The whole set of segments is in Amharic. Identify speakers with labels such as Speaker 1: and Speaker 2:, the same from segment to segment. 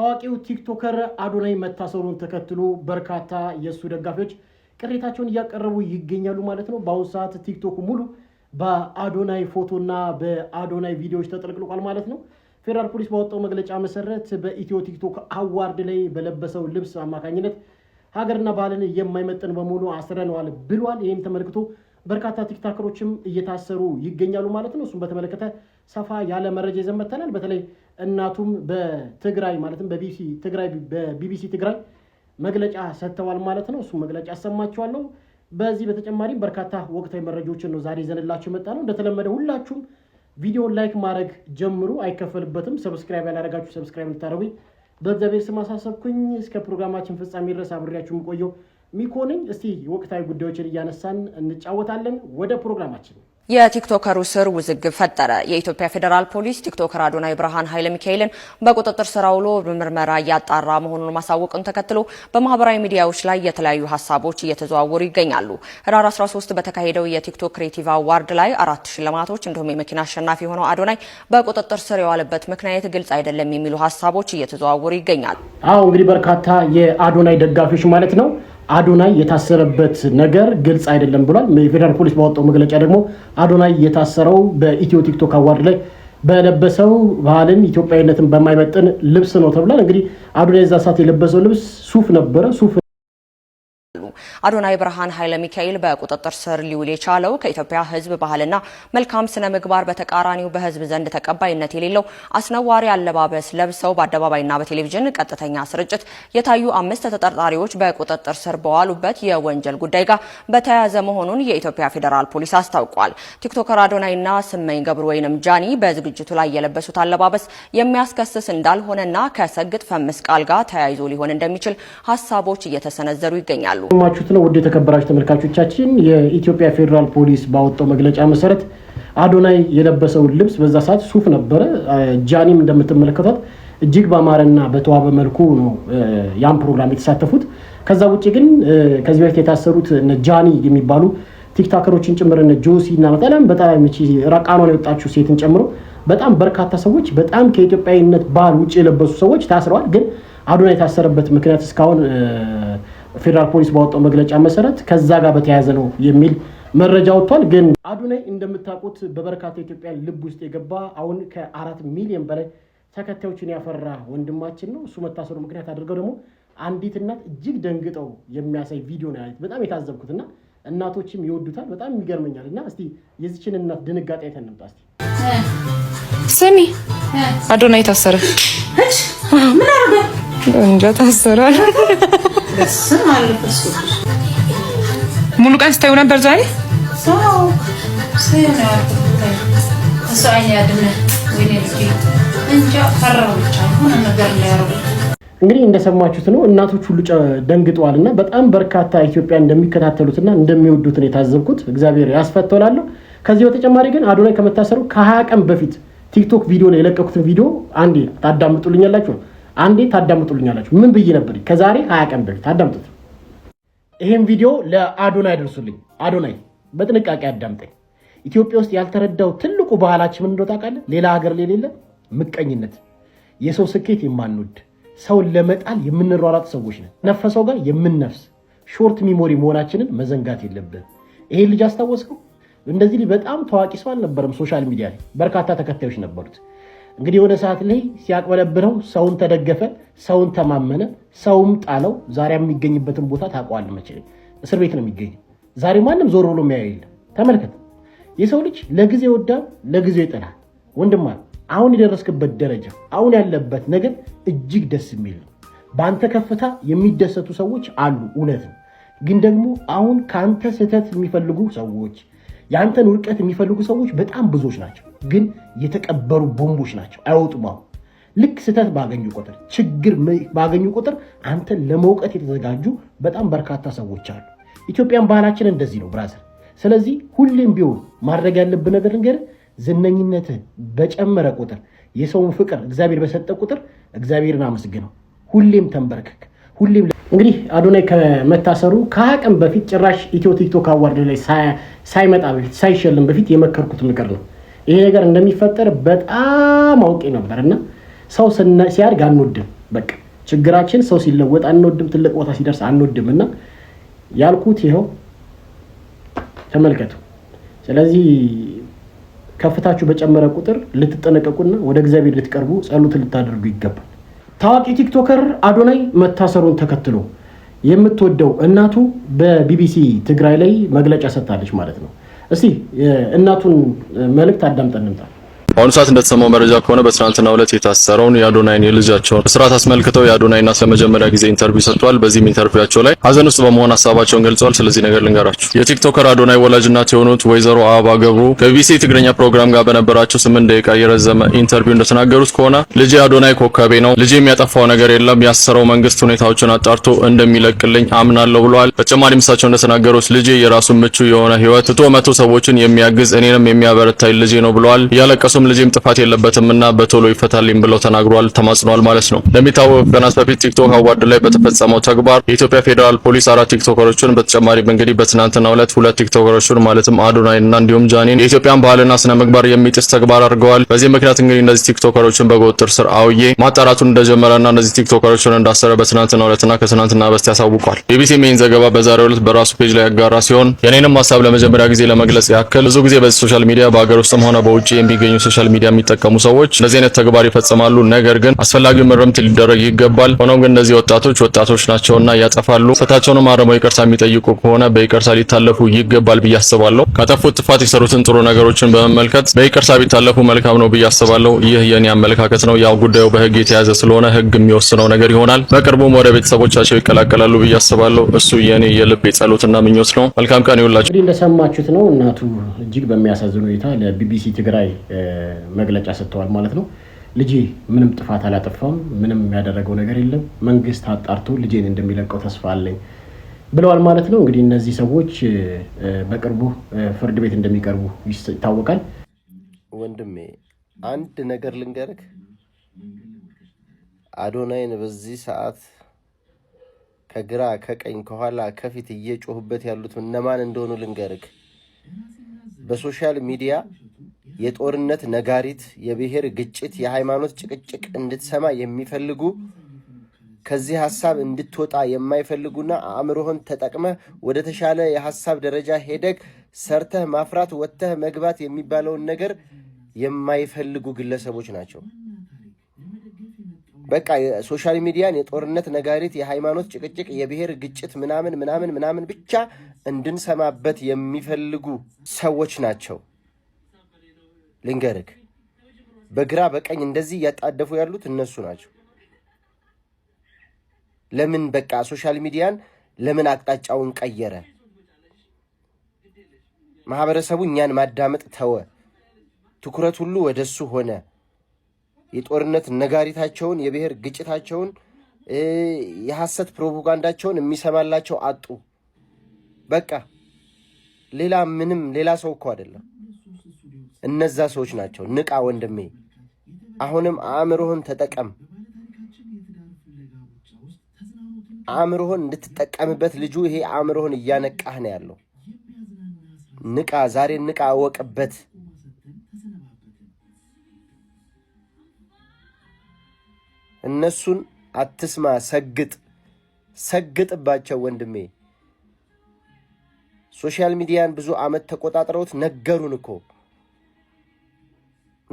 Speaker 1: ታዋቂው ቲክቶከር አዶናይ መታሰሩን ተከትሎ በርካታ የእሱ ደጋፊዎች ቅሬታቸውን እያቀረቡ ይገኛሉ ማለት ነው። በአሁኑ ሰዓት ቲክቶክ ሙሉ በአዶናይ ፎቶና በአዶናይ ቪዲዮዎች ተጠልቅልቋል ማለት ነው። ፌዴራል ፖሊስ ባወጣው መግለጫ መሰረት በኢትዮ ቲክቶክ አዋርድ ላይ በለበሰው ልብስ አማካኝነት ሀገርና ባህልን የማይመጥን በመሆኑ አስረነዋል ብሏል። ይህም ተመልክቶ በርካታ ቲክታከሮችም እየታሰሩ ይገኛሉ ማለት ነው። እሱም በተመለከተ ሰፋ ያለ መረጃ ይዘን መጥተናል። በተለይ እናቱም በትግራይ ማለትም በቢቢሲ ትግራይ በቢቢሲ ትግራይ መግለጫ ሰጥተዋል ማለት ነው። እሱ መግለጫ ያሰማችኋለሁ። በዚህ በተጨማሪም በርካታ ወቅታዊ መረጃዎችን ነው ዛሬ ይዘንላችሁ የመጣ ነው። እንደተለመደ ሁላችሁም ቪዲዮን ላይክ ማድረግ ጀምሩ፣ አይከፈልበትም። ሰብስክራይብ ያላደረጋችሁ ሰብስክራይብ ልታደረጉኝ በእግዚአብሔር ስም አሳሰብኩኝ። እስከ ፕሮግራማችን ፍጻሜ ድረስ አብሬያችሁ የምቆየው ሚኮንኝ እስቲ ወቅታዊ ጉዳዮችን እያነሳን እንጫወታለን። ወደ ፕሮግራማችን
Speaker 2: የቲክቶከሩ ስር ውዝግብ ፈጠረ። የኢትዮጵያ ፌዴራል ፖሊስ ቲክቶከር አዶናይ ብርሃን ኃይለ ሚካኤልን በቁጥጥር ስር አውሎ ምርመራ እያጣራ መሆኑን ማሳወቅን ተከትሎ በማህበራዊ ሚዲያዎች ላይ የተለያዩ ሀሳቦች እየተዘዋወሩ ይገኛሉ። ህዳር 13 በተካሄደው የቲክቶክ ክሬቲቭ አዋርድ ላይ አራት ሽልማቶች እንዲሁም የመኪና አሸናፊ የሆነው አዶናይ በቁጥጥር ስር የዋለበት ምክንያት ግልጽ አይደለም የሚሉ ሀሳቦች እየተዘዋወሩ ይገኛሉ።
Speaker 1: አሁ እንግዲህ በርካታ የአዶናይ ደጋፊዎች ማለት ነው አዶናይ የታሰረበት ነገር ግልጽ አይደለም ብሏል። የፌዴራል ፖሊስ ባወጣው መግለጫ ደግሞ አዶናይ የታሰረው በኢትዮ ቲክቶክ አዋርድ ላይ በለበሰው ባህልን ኢትዮጵያዊነትን በማይመጥን ልብስ ነው ተብሏል። እንግዲህ አዶናይ እዛ ሰዓት የለበሰው ልብስ ሱፍ ነበረ ሱፍ
Speaker 2: አዶናይ ብርሃን ኃይለ ሚካኤል በቁጥጥር ስር ሊውል የቻለው ከኢትዮጵያ ሕዝብ ባህልና መልካም ስነ ምግባር በተቃራኒው በሕዝብ ዘንድ ተቀባይነት የሌለው አስነዋሪ አለባበስ ለብሰው በአደባባይና በቴሌቪዥን ቀጥተኛ ስርጭት የታዩ አምስት ተጠርጣሪዎች በቁጥጥር ስር በዋሉበት የወንጀል ጉዳይ ጋር በተያያዘ መሆኑን የኢትዮጵያ ፌዴራል ፖሊስ አስታውቋል። ቲክቶከር አዶናይና ስመኝ ገብሩ ወይንም ጃኒ በዝግጅቱ ላይ የለበሱት አለባበስ የሚያስከስስ እንዳልሆነና ከሰግጥ ፈምስ ቃል ጋር ተያይዞ ሊሆን እንደሚችል ሀሳቦች እየተሰነዘሩ ይገኛል። ይጠይቃሉ።
Speaker 1: ማችሁት ነው ውድ የተከበራችሁ ተመልካቾቻችን። የኢትዮጵያ ፌዴራል ፖሊስ ባወጣው መግለጫ መሰረት አዶናይ የለበሰውን ልብስ በዛ ሰዓት ሱፍ ነበረ። ጃኒም እንደምትመለከቷት እጅግ በአማረና በተዋበ መልኩ ነው ያን ፕሮግራም የተሳተፉት። ከዛ ውጭ ግን ከዚህ በፊት የታሰሩት እነ ጃኒ የሚባሉ ቲክታከሮችን ጭምር እነ ጆሲ እና በጣም በጣም ራቃኗን የወጣችው ሴትን ጨምሮ በጣም በርካታ ሰዎች በጣም ከኢትዮጵያዊነት ባህል ውጭ የለበሱ ሰዎች ታስረዋል። ግን አዶናይ የታሰረበት ምክንያት እስካሁን ፌዴራል ፖሊስ ባወጣው መግለጫ መሰረት ከዛ ጋር በተያያዘ ነው የሚል መረጃ ወጥቷል። ግን አዱናይ እንደምታውቁት በበርካታ ኢትዮጵያ ልብ ውስጥ የገባ አሁን ከአራት ሚሊዮን በላይ ተከታዮችን ያፈራ ወንድማችን ነው። እሱ መታሰሩ ምክንያት አድርገው ደግሞ አንዲት እናት እጅግ ደንግጠው የሚያሳይ ቪዲዮ ነው ያየሁት። በጣም እና እናቶችም ይወዱታል። በጣም ይገርመኛል። እና እስቲ የዚችን እናት ድንጋጤ አይተን እንምጣ። እስቲ
Speaker 3: ስሚ፣ አዶናይ ታሰረ። እንጃ ታሰራል ሙሉ ቀን ስታዩ ነበር ዛሬ
Speaker 1: እንግዲህ እንደሰማችሁት ነው። እናቶች ሁሉ ደንግጠዋል እና በጣም በርካታ ኢትዮጵያ እንደሚከታተሉትና እንደሚወዱት ነው የታዘብኩት። እግዚአብሔር ያስፈተላለሁ። ከዚህ በተጨማሪ ግን አዶናይ ከመታሰሩ ከሀያ ቀን በፊት ቲክቶክ ቪዲዮ ነው የለቀኩትን ቪዲዮ አንዴ ታዳምጡልኛላችሁ። አንዴ ታዳምጡልኛላችሁ። ምን ብዬ ነበር? ከዛሬ ሀያ ቀን በፊት አዳምጡት። ይህም ቪዲዮ ለአዶናይ ደርሱልኝ። አዶናይ በጥንቃቄ አዳምጠኝ። ኢትዮጵያ ውስጥ ያልተረዳው ትልቁ ባህላችን ምን እንደሆነ ታውቃለህ? ሌላ ሀገር የሌለ ምቀኝነት፣ የሰው ስኬት የማንወድ ሰውን ለመጣል የምንሯሯጥ ሰዎች ነን። ነፈሰው ጋር የምንነፍስ ሾርት ሚሞሪ መሆናችንን መዘንጋት የለብን። ይሄን ልጅ አስታወስከው? እንደዚህ በጣም ታዋቂ ሰው አልነበረም። ሶሻል ሚዲያ ላይ በርካታ ተከታዮች ነበሩት። እንግዲህ የሆነ ሰዓት ላይ ሲያቅበለብለው ሰውን ተደገፈ፣ ሰውን ተማመነ፣ ሰውም ጣለው። ዛሬ የሚገኝበትን ቦታ ታውቀዋለህ መቼም እስር ቤት ነው የሚገኝ። ዛሬ ማንም ዞር ብሎ የሚያየው የለም። ተመልከት፣ የሰው ልጅ ለጊዜ ይወዳል፣ ለጊዜ ይጠላል። ወንድማ አሁን የደረስክበት ደረጃ፣ አሁን ያለበት ነገር እጅግ ደስ የሚል ነው። በአንተ ከፍታ የሚደሰቱ ሰዎች አሉ፣ እውነት ነው። ግን ደግሞ አሁን ከአንተ ስህተት የሚፈልጉ ሰዎች የአንተን ውድቀት የሚፈልጉ ሰዎች በጣም ብዙዎች ናቸው፣ ግን የተቀበሩ ቦምቦች ናቸው፣ አይወጡም። አሁን ልክ ስህተት ባገኙ ቁጥር፣ ችግር ባገኙ ቁጥር አንተን ለመውቀት የተዘጋጁ በጣም በርካታ ሰዎች አሉ። ኢትዮጵያን ባህላችን እንደዚህ ነው ብራዘር። ስለዚህ ሁሌም ቢሆን ማድረግ ያለብህ ነገር ነገር ዝነኝነትህ በጨመረ ቁጥር፣ የሰውን ፍቅር እግዚአብሔር በሰጠ ቁጥር እግዚአብሔርን አመስግነው። ሁሌም ተንበርክክ። ሁሌም እንግዲህ አዶናይ ከመታሰሩ ከሀቅም በፊት ጭራሽ ኢትዮ ቲክቶክ አዋርድ ላይ ሳይመጣ በፊት ሳይሸልም በፊት የመከርኩት ምክር ነው። ይሄ ነገር እንደሚፈጠር በጣም አውቄ ነበር እና ሰው ሲያድግ አንወድም። በቃ ችግራችን ሰው ሲለወጥ አንወድም፣ ትልቅ ቦታ ሲደርስ አንወድም እና ያልኩት ይኸው ተመልከቱ። ስለዚህ ከፍታችሁ በጨመረ ቁጥር ልትጠነቀቁና ወደ እግዚአብሔር ልትቀርቡ ጸሎት ልታደርጉ ይገባል። ታዋቂ ቲክቶከር አዶናይ መታሰሩን ተከትሎ የምትወደው እናቱ በቢቢሲ ትግራይ ላይ መግለጫ ሰጥታለች ማለት ነው። እስቲ እናቱን መልእክት አዳምጠን እንምጣ።
Speaker 4: በአሁኑ ሰዓት እንደተሰማው መረጃ ከሆነ በትናንትና ዕለት የታሰረውን የአዶናይን የልጃቸውን እስራት አስመልክተው የአዶናይ እናት ለመጀመሪያ ጊዜ ኢንተርቪው ሰጥቷል። በዚህም ኢንተርቪዋቸው ላይ ሀዘን ውስጥ በመሆን ሀሳባቸውን ገልጸዋል። ስለዚህ ነገር ልንገራችሁ። የቲክቶከር አዶናይ ወላጅ እናት የሆኑት ወይዘሮ አበባ ገብሩ ከቢቢሲ ትግረኛ ፕሮግራም ጋር በነበራቸው ስምንት ደቂቃ የረዘመ ኢንተርቪው እንደተናገሩት ከሆነ ልጄ አዶናይ ኮከቤ ነው። ልጄ የሚያጠፋው ነገር የለም። ያሰረው መንግስት ሁኔታዎችን አጣርቶ እንደሚለቅልኝ አምናለሁ ብለዋል። በተጨማሪም እሳቸው እንደተናገሩት ልጄ የራሱን ምቹ የሆነ ህይወት ትቶ መቶ ሰዎችን የሚያግዝ እኔንም የሚያበረታይ ልጄ ነው ብለዋል። እያለቀሱም ልጅም ጥፋት የለበትም እና በቶሎ ይፈታልኝ ብለው ተናግሯል ተማጽኗል ማለት ነው። እንደሚታወቅ ቀናት በፊት ቲክቶክ አዋርድ ላይ በተፈጸመው ተግባር የኢትዮጵያ ፌዴራል ፖሊስ አራት ቲክቶከሮችን በተጨማሪም እንግዲህ በትናንትናው ዕለት ሁለት ቲክቶከሮችን ማለትም አዶናይ እና እንዲሁም ጃኒን የኢትዮጵያን ባህልና ስነ ምግባር የሚጥስ ተግባር አድርገዋል። በዚህ ምክንያት እንግዲህ እነዚህ ቲክቶከሮችን በቁጥጥር ስር አውዬ ማጣራቱን እንደጀመረና እነዚህ ቲክቶከሮችን እንዳሰረ በትናንትና ዕለትና ከትናንትና በስቲያ ያሳውቋል። ቢቢሲ ሜን ዘገባ በዛሬው ዕለት በራሱ ፔጅ ላይ ያጋራ ሲሆን የኔንም ሀሳብ ለመጀመሪያ ጊዜ ለመግለጽ ያክል ብዙ ጊዜ በዚህ ሶሻል ሚዲያ በሀገር ውስጥም ሆነ በውጭ የሚገኙ ሶሻል ሚዲያ የሚጠቀሙ ሰዎች እንደዚህ አይነት ተግባር ይፈጽማሉ። ነገር ግን አስፈላጊው ምርምት ሊደረግ ይገባል። ሆኖም ግን እነዚህ ወጣቶች ወጣቶች ናቸውና ያጠፋሉ። ስህተታቸውንም አረመው ይቅርታ የሚጠይቁ ከሆነ በይቅርታ ሊታለፉ ይገባል ብዬ አስባለሁ። ካጠፉት ጥፋት የሰሩትን ጥሩ ነገሮችን በመመልከት በይቅርታ ቢታለፉ መልካም ነው ብዬ አስባለሁ። ይህ የኔ አመለካከት ነው። ያው ጉዳዩ በህግ የተያዘ ስለሆነ ህግ የሚወስነው ነገር ይሆናል። በቅርቡም ወደ ቤተሰቦቻቸው ይቀላቀላሉ ብዬ አስባለሁ። እሱ የኔ የልብ የጸሎትና ምኞት ነው። መልካም ቀን ይውላቸው።
Speaker 1: እንግዲህ እንደሰማችሁት ነው እናቱ እጅግ በሚያሳዝን ሁኔታ ለቢቢሲ ትግራይ መግለጫ ሰጥተዋል ማለት ነው። ልጄ ምንም ጥፋት አላጠፋም፣ ምንም ያደረገው ነገር የለም፣ መንግስት አጣርቶ ልጄን እንደሚለቀው ተስፋ አለኝ ብለዋል ማለት ነው። እንግዲህ እነዚህ ሰዎች በቅርቡ ፍርድ ቤት እንደሚቀርቡ ይታወቃል።
Speaker 5: ወንድሜ አንድ ነገር ልንገርክ፣ አዶናይን በዚህ ሰዓት ከግራ ከቀኝ ከኋላ ከፊት እየጮሁበት ያሉት እነማን እንደሆኑ ልንገርክ በሶሻል ሚዲያ የጦርነት ነጋሪት፣ የብሔር ግጭት፣ የሃይማኖት ጭቅጭቅ እንድትሰማ የሚፈልጉ ከዚህ ሀሳብ እንድትወጣ የማይፈልጉና አእምሮህን ተጠቅመህ ወደ ተሻለ የሀሳብ ደረጃ ሄደግ ሰርተህ ማፍራት ወጥተህ መግባት የሚባለውን ነገር የማይፈልጉ ግለሰቦች ናቸው። በቃ ሶሻል ሚዲያን የጦርነት ነጋሪት፣ የሃይማኖት ጭቅጭቅ፣ የብሔር ግጭት ምናምን ምናምን ምናምን ብቻ እንድንሰማበት የሚፈልጉ ሰዎች ናቸው። ልንገርክ፣ በግራ በቀኝ እንደዚህ እያጣደፉ ያሉት እነሱ ናቸው። ለምን በቃ ሶሻል ሚዲያን ለምን አቅጣጫውን ቀየረ? ማህበረሰቡ እኛን ማዳመጥ ተወ። ትኩረት ሁሉ ወደሱ ሆነ። የጦርነት ነጋሪታቸውን፣ የብሔር ግጭታቸውን፣ የሐሰት ፕሮፓጋንዳቸውን የሚሰማላቸው አጡ። በቃ ሌላ ምንም ሌላ ሰው እኮ አይደለም። እነዛ ሰዎች ናቸው። ንቃ ወንድሜ፣ አሁንም አእምሮህን ተጠቀም። አእምሮህን እንድትጠቀምበት ልጁ ይሄ አእምሮህን እያነቃህ ነው ያለው። ንቃ፣ ዛሬ ንቃ፣ አወቅበት። እነሱን አትስማ፣ ሰግጥ፣ ሰግጥባቸው ወንድሜ። ሶሻል ሚዲያን ብዙ ዓመት ተቆጣጥረውት ነገሩን እኮ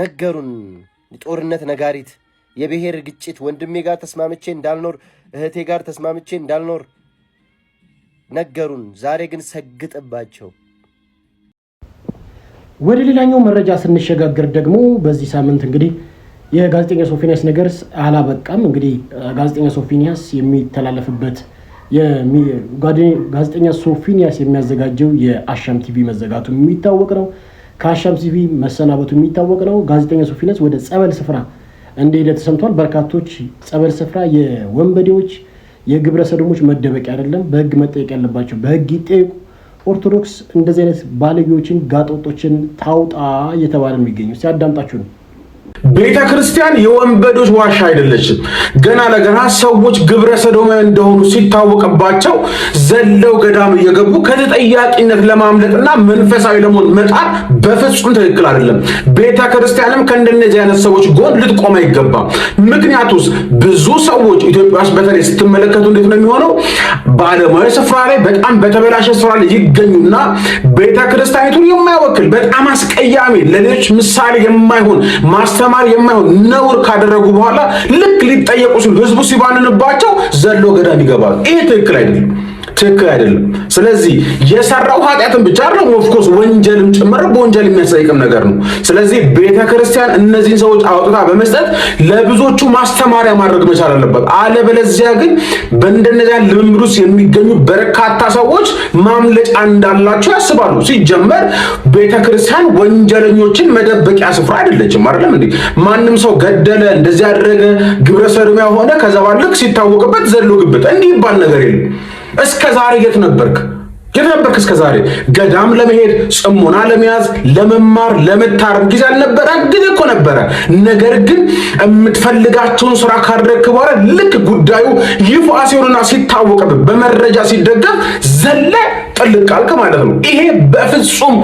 Speaker 5: ነገሩን። ጦርነት ነጋሪት፣ የብሔር ግጭት፣ ወንድሜ ጋር ተስማምቼ እንዳልኖር፣ እህቴ ጋር ተስማምቼ እንዳልኖር ነገሩን። ዛሬ ግን ሰግጥባቸው።
Speaker 1: ወደ ሌላኛው መረጃ ስንሸጋገር ደግሞ በዚህ ሳምንት እንግዲህ የጋዜጠኛ ሶፊኒያስ ነገር አላበቃም። እንግዲህ ጋዜጠኛ ሶፎንያስ የሚተላለፍበት ጋዜጠኛ ሶፎንያስ የሚያዘጋጀው የአሻም ቲቪ መዘጋቱ የሚታወቅ ነው። ከአሻምሲቢ መሰናበቱ የሚታወቅ ነው። ጋዜጠኛ ሶፊነስ ወደ ጸበል ስፍራ እንደሄደ ተሰምቷል። በርካቶች ጸበል ስፍራ የወንበዴዎች የግብረ ሰዶሞች መደበቂያ አይደለም፣ በህግ መጠየቅ ያለባቸው በህግ ይጠየቁ። ኦርቶዶክስ እንደዚህ አይነት ባለጌዎችን ጋጦጦችን ታውጣ እየተባለ የሚገኙ ሲያዳምጣችሁ ነው።
Speaker 6: ቤተ ክርስቲያን የወንበዶች ዋሻ አይደለችም። ገና ለገና ሰዎች ግብረ ሰዶማ እንደሆኑ ሲታወቅባቸው ዘለው ገዳም እየገቡ ከተጠያቂነት ለማምለጥና መንፈሳዊ ለመሆን መጣር በፍጹም ትክክል አይደለም። ቤተ ክርስቲያንም ከእንደነዚህ አይነት ሰዎች ጎን ልትቆም አይገባም። ምክንያቱስ ብዙ ሰዎች ኢትዮጵያ ውስጥ በተለይ ስትመለከቱ እንዴት ነው የሚሆነው? በዓለማዊ ስፍራ ላይ በጣም በተበላሸ ስፍራ ላይ ይገኙና ቤተ ክርስቲያኒቱን የማይወክል በጣም አስቀያሚ ለሌሎች ምሳሌ የማይሆን ማስተማ ተጨማሪ የማይሆን ነውር ካደረጉ በኋላ ልክ ሊጠየቁ ሲሉ ህዝቡ ሲባንንባቸው ዘሎ ገዳም ይገባሉ። ይሄ ትክክል አይደለም። ትክክል አይደለም። ስለዚህ የሰራው ኃጢአትን ብቻ አይደለም፣ ኦፍኮርስ ወንጀልም ጭምር በወንጀል የሚያስጠይቅም ነገር ነው። ስለዚህ ቤተ ክርስቲያን እነዚህን ሰዎች አውጥታ በመስጠት ለብዙዎቹ ማስተማሪያ ማድረግ መቻል አለባት። አለበለዚያ ግን በእንደነዚያ ልምምድ ውስጥ የሚገኙ በርካታ ሰዎች ማምለጫ እንዳላቸው ያስባሉ። ሲጀመር ቤተ ክርስቲያን ወንጀለኞችን መደበቂያ ስፍራ አይደለችም። አይደለም እንዴ? ማንም ሰው ገደለ፣ እንደዚህ ያደረገ ግብረ ሰዶሚያ ሆነ፣ ከዛ ባለቅ ሲታወቅበት ዘሎ ግብት እንዲህ ይባል ነገር የለም። እስከ ዛሬ የት ነበርክ? የት ነበርክ? እስከ ዛሬ ገዳም ለመሄድ ጽሞና ለመያዝ ለመማር፣ ለመታረም ጊዜ አልነበረ? ጊዜ እኮ ነበረ። ነገር ግን የምትፈልጋቸውን ስራ ካደረግክ በኋላ ልክ ጉዳዩ ይፋ ሲሆንና ሲታወቅብህ በመረጃ ሲደገፍ ዘለ ጥልቅ አልክ ማለት ነው። ይሄ በፍጹም